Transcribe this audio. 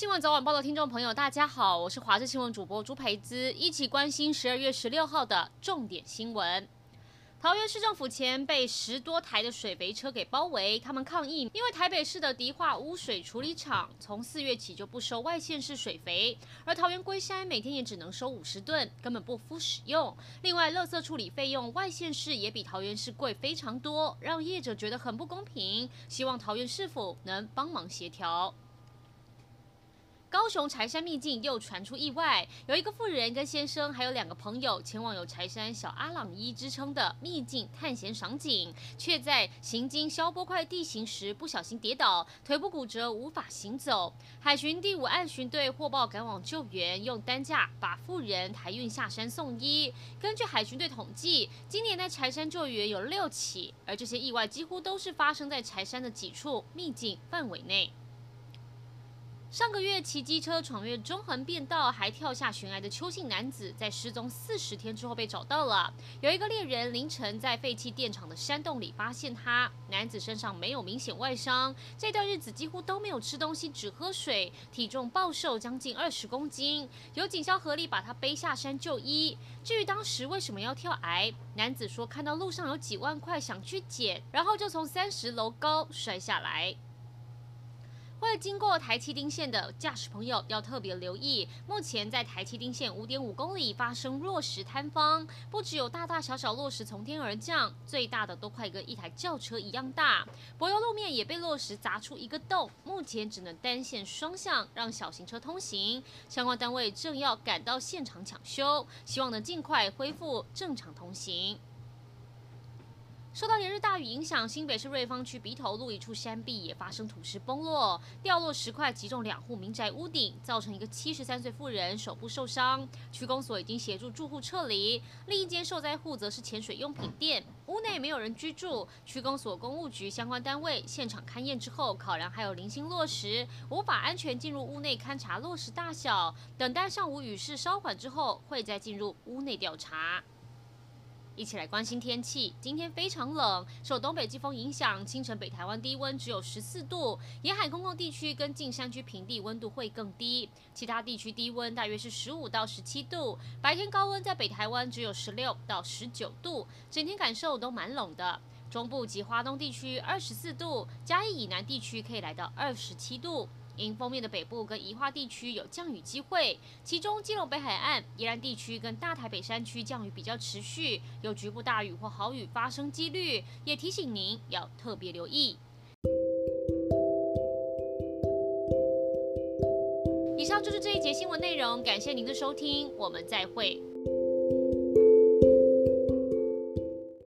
新聞早晚報道，聽眾朋友，大家好，我是華視新聞主播朱培姿，一起關心十二月十六號的重點新聞。桃園市政府前被十多台的水肥車給包圍，他們抗議，因為台北市的迪化污水處理廠從四月起就不收外縣市水肥，而桃園龜山每天也只能收五十噸，根本不敷使用。另外，垃圾處理費用外縣市也比桃園市貴非常多，讓業者覺得很不公平，希望桃園市府能幫忙協調。高雄柴山秘境又傳出意外，有一個婦人跟先生還有兩個朋友前往有柴山小阿朗伊之稱的秘境探險賞景，卻在行經消波塊地形時不小心跌倒，腿部骨折無法行走。海巡第五岸巡隊獲報趕往救援，用擔架把婦人抬運下山送醫。根據海巡隊統計，今年的柴山救援有六起，而這些意外幾乎都是發生在柴山的幾處秘境範圍內。上個月騎機車闖越中橫便道還跳下懸崖的邱姓男子，在失蹤四十天之後被找到了。有一個獵人凌晨在廢棄電廠的山洞裡發現他，男子身上沒有明顯外傷，這段日子幾乎都沒有吃東西，只喝水，體重暴瘦將近二十公斤。有警消合力把他背下山就醫。至於當時為什麼要跳崖，男子說看到路上有幾萬塊想去撿，然後就從三十樓高摔下來。會經過台七丁線的駕駛朋友要特別留意，目前在台七丁線五點五公里發生落石坍方，不只有大大小小落石從天而降，最大的都快跟一台轎車一樣大，柏油路面也被落石砸出一個洞，目前只能單線雙向讓小型車通行，相關單位正要趕到現場搶修，希望能儘快恢復正常通行。受到連日大雨影響，新北市瑞芳區鼻頭路一處山壁也發生土石崩落，掉落石塊擊中兩戶民宅屋頂，造成一個七十三歲婦人手部受傷。區公所已經協助住戶撤離，另一間受災戶則是潛水用品店，屋內沒有人居住。區公所、公務局相關單位現場勘驗之後，考量還有零星落石，無法安全進入屋內勘察落石大小，等待上午雨勢稍緩之後，會再進入屋內調查。一起來關心天氣。今天非常冷，受東北季風影響，清晨北台灣低溫只有十四度，沿海公共地區跟近山區平地溫度會更低，其他地區低溫大約是十五到十七度。白天高溫在北台灣只有十六到十九度，整天感受都蠻冷的。中部及花東地區二十四度，嘉義以,以南地區可以來到二十七度。迎風面的北部跟宜花地區有降雨機會，其中基隆北海岸、宜蘭地區跟大台北山區降雨比較持續，有局部大雨或豪雨發生幾率，也提醒您要特別留意。以上就是這一節新聞內容，感謝您的收聽，我們再會。